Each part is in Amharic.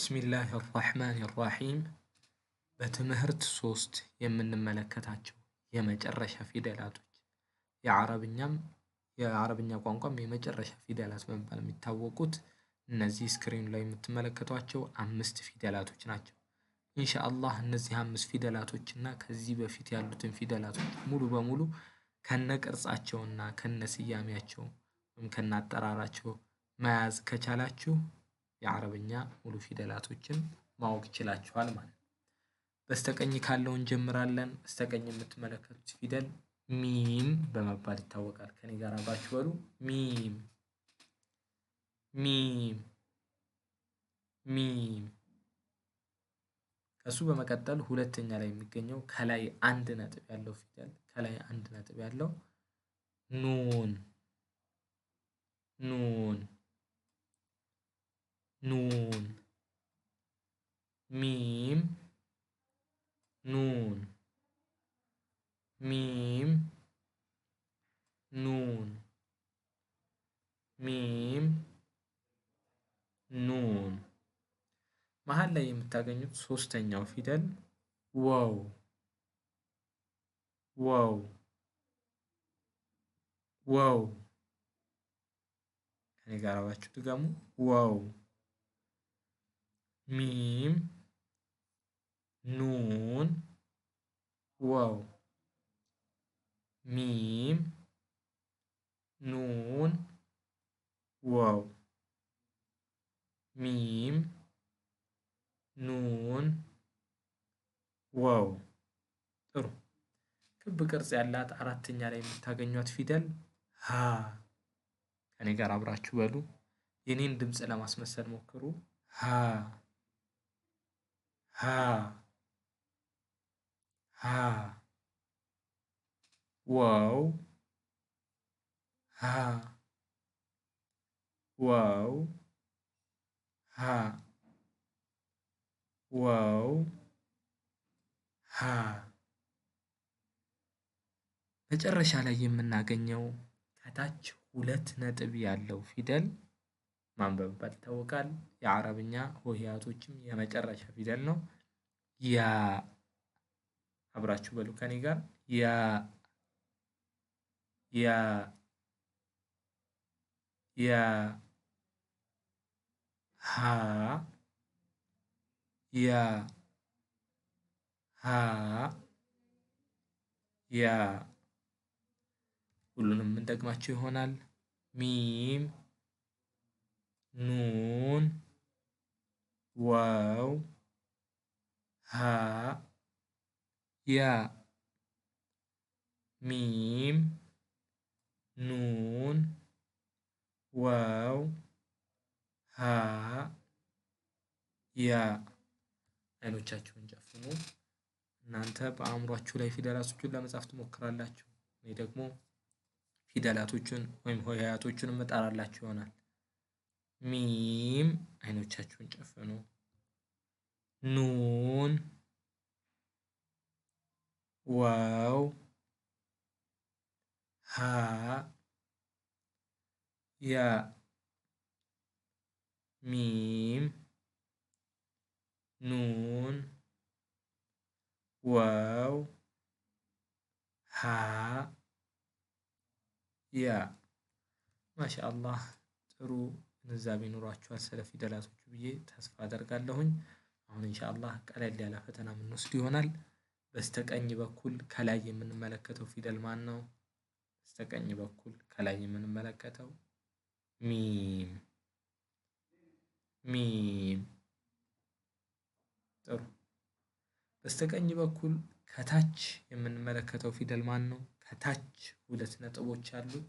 ብስሚላህ ራህማን ራሒም በትምህርት ሶስት የምንመለከታቸው የመጨረሻ ፊደላቶች የአረብኛም የአረብኛ ቋንቋም የመጨረሻ ፊደላት በመባል የሚታወቁት እነዚህ ስክሪኑ ላይ የምትመለከቷቸው አምስት ፊደላቶች ናቸው። ኢንሻአላህ እነዚህ አምስት ፊደላቶች እና ከዚህ በፊት ያሉትን ፊደላቶች ሙሉ በሙሉ ከነ ቅርጻቸውና ከነ ስያሜያቸው ወይም ከነ አጠራራቸው መያዝ ከቻላችሁ የአረብኛ ሙሉ ፊደላቶችን ማወቅ ይችላችኋል ማለት ነው። በስተቀኝ ካለው እንጀምራለን። በስተቀኝ የምትመለከቱት ፊደል ሚም በመባል ይታወቃል። ከኔ ጋር አባችሁ በሉ። ሚም ሚም ሚም። ከሱ በመቀጠል ሁለተኛ ላይ የሚገኘው ከላይ አንድ ነጥብ ያለው ፊደል ከላይ አንድ ነጥብ ያለው ኑን ኑን ኑን ሚም ኑን ሚም ኑን ሚም ኑን መሀል ላይ የምታገኙት ሶስተኛው ፊደል ዋው ዋው ዋው ከኔ ጋር አባችሁ ድገሙ ዋው ሚም ኑን ዋው ሚም ኑን ዋው ሚም ኑን ዋው ጥሩ ክብ ቅርጽ ያላት አራተኛ ላይ የምታገኟት ፊደል ሀ ከኔ ጋር አብራችሁ በሉ የኔን ድምፅ ለማስመሰል ሞክሩ ሀ ሀ ሀ ወው ሀ ወው ሀ ወው ሀ መጨረሻ ላይ የምናገኘው ከታች ሁለት ነጥብ ያለው ፊደል ማን በመባል ይታወቃል። የአረብኛ ሆሄያቶችም የመጨረሻ ፊደል ነው። ያ አብራችሁ በሉ ከኔ ጋር ያ ያ ያ ሀ ያ ሀ ያ ሁሉንም የምንጠቅማቸው ይሆናል። ሚም ኑን ዋው ሀ ያ ሚም ኑን ዋው ሀ ያ አይኖቻችሁን ጨፍኑ። እናንተ በአእምሯችሁ ላይ ፊደላቶችን ለመጻፍ ትሞክራላችሁ። እኔ ደግሞ ፊደላቶቹን ወይም ሆሄያቶቹን እጠራላችሁ ይሆናል። ميم عينو تشاتشو جفنو نون واو ها يا ميم نون واو ها يا ما شاء الله ترو ግንዛቤ ኑሯችኋል ስለ ፊደላቶቹ ብዬ ተስፋ አደርጋለሁኝ። አሁን እንሻአላህ ቀለል ያለ ፈተና የምንወስድ ይሆናል። በስተቀኝ በኩል ከላይ የምንመለከተው ፊደል ነው? በስተቀኝ በኩል ከላይ የምንመለከተው ሚም ሚም። ጥሩ። በስተቀኝ በኩል ከታች የምንመለከተው ፊደል ማን ነው ከታች ሁለት ነጥቦች አሉት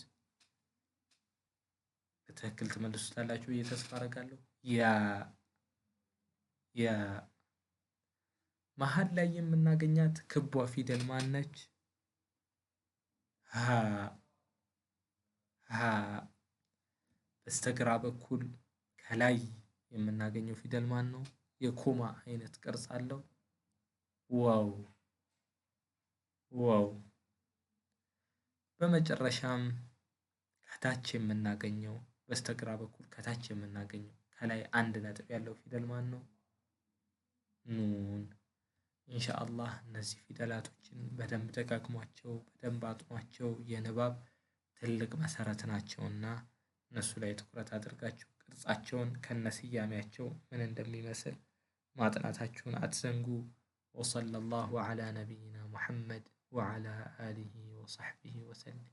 በትክክል ትመልሱታላችሁ ብዬ ተስፋ አደርጋለሁ። ያ ያ መሀል ላይ የምናገኛት ክቧ ፊደል ማነች? ሀ ሀ በስተግራ በኩል ከላይ የምናገኘው ፊደል ማን ነው? የኮማ አይነት ቅርጽ አለው። ዋው ዋው። በመጨረሻም ከታች የምናገኘው በስተግራ በኩል ከታች የምናገኘው ከላይ አንድ ነጥብ ያለው ፊደል ማን ነው? ኑን። ኢንሻአላህ እነዚህ ፊደላቶችን በደንብ ደጋግሟቸው በደንብ አጥሟቸው የንባብ ትልቅ መሰረት ናቸውና እነሱ ላይ ትኩረት አድርጋችሁ ቅርጻቸውን ከነስያሜያቸው ምን እንደሚመስል ማጥናታችሁን አትዘንጉ። ወሰለላሁ ዐላ ነቢይና ሙሐመድ ወዐላ አሊሂ ወሰሕቢሂ ወሰለም።